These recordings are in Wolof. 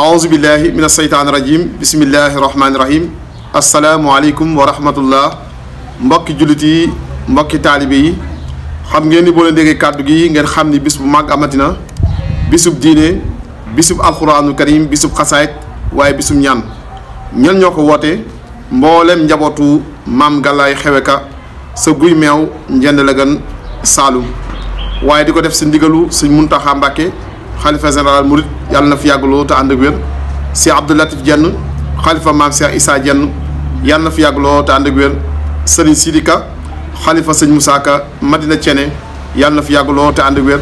أعوذ بالله من الشيطان الرجيم بسم الله الرحمن الرحيم asalaamualeykum wa rahmatullah mbokki jullit yi mbokki taalibe yi xam ngeen ni boo leen déggee kàddu gi ngeen xam ni bis bu mag amatina bisub diine bisub alxuraanul karim bisub xasaayit waaye bisub ñaan ñan ñoo ko woote mboolem njabootu maam gàllaay xeweka sa guy meew njënd la gan saalum waaye di ko def si ndigalu suñ muntaxa mbàkke xalifa général Mouride yàlla na fi yàgg loolu te ànd ak wér Cheikh Latif Diène xalifa maam Cheikh Issa Diène yàlla na fi yàgg te ànd ak wér Serigne xalifa sëñ Moussa Ka Madina Thiéné yàlla ànd ak wér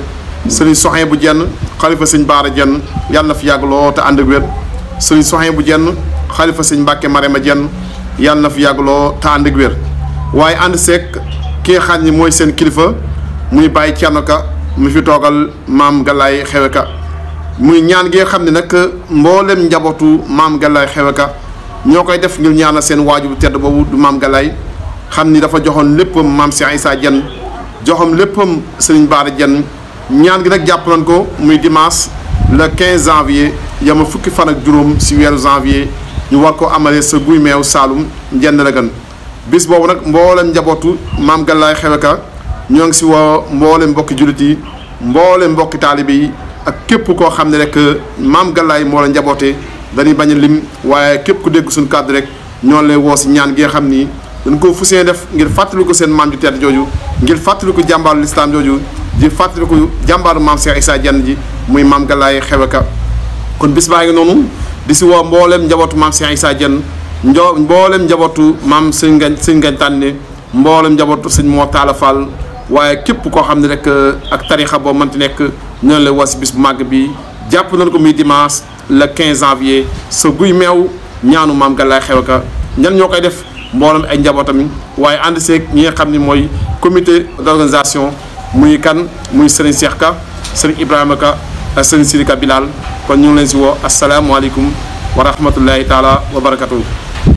bu Diène xalifa sëñ Baara Diène yàlla na fi yàgg loolu te ànd ak wér Serigne bu Diène xalifa sëñ Mbacke Marema Diène yàlla na fi yàgg loolu te ànd ak waaye ànd seeg ki nga mooy seen kilifa muy bàyyi Thierno mu fi toogal maam Galaay ka muy ñaan gi nga xam ne nag mboolem njabootu maam Galaay ka ñoo koy def ngir ñaanal seen waajur tedd boobu du maam Galaay xam ni dafa joxoon léppam maam Cheikh Issa Diène joxoon léppam Serigne Bara Diène ñaan gi nag jàpp nañ ko muy dimanche le 15 janvier yama fukki fan ak juróom si weeru janvier ñu war ko amalee sa guy meew Saalum njënd la gën bis boobu nag mboolem njabootu maam Galaay ka ñoo ngi si woo mboole mbokki jullit yi mboole mbokki taalibe yi ak képp koo xam ne rek euh, maam Galaay moo njaboote dañuy bañ a lim waaye képp ku dégg suñu kàddu rek ñoo lay woo si ñaan gi xam ni dañ koo fusee def ngir fàttali ko seen maam jooju ngir fàttali ko jàmbaaru lislaam jooju di fàttali ko jàmbaaru maam Cheikh Issa ji muy maam Galaay xeweka kon bis ngi noonu di si woo mbooleem njabootu maam Cheikh Issa Diène mboolem njabootu maam sëñ ngañ sëñ ngañ njabootu sëñ Mor Talla waaye képp koo xam ne rek euh, ak tarixa boo mënti nekk ñu la woo bis bu màgg bi jàpp nañu ko muy dimanche le 15 janvier sa guy meew ñaanu maam Galaay xew ka ñan ñoo koy def mboolem ay njabootam waaye ànd seeg ñi nga xam ne mooy comité d'organisation muy kan muy Serigne Cheikh Ka Serigne Ibrahima Ka ak Serigne Sirika Bilal kon ñu ngi leen si woo asalaamualeykum wa rahmatullahi taala wa barakatuh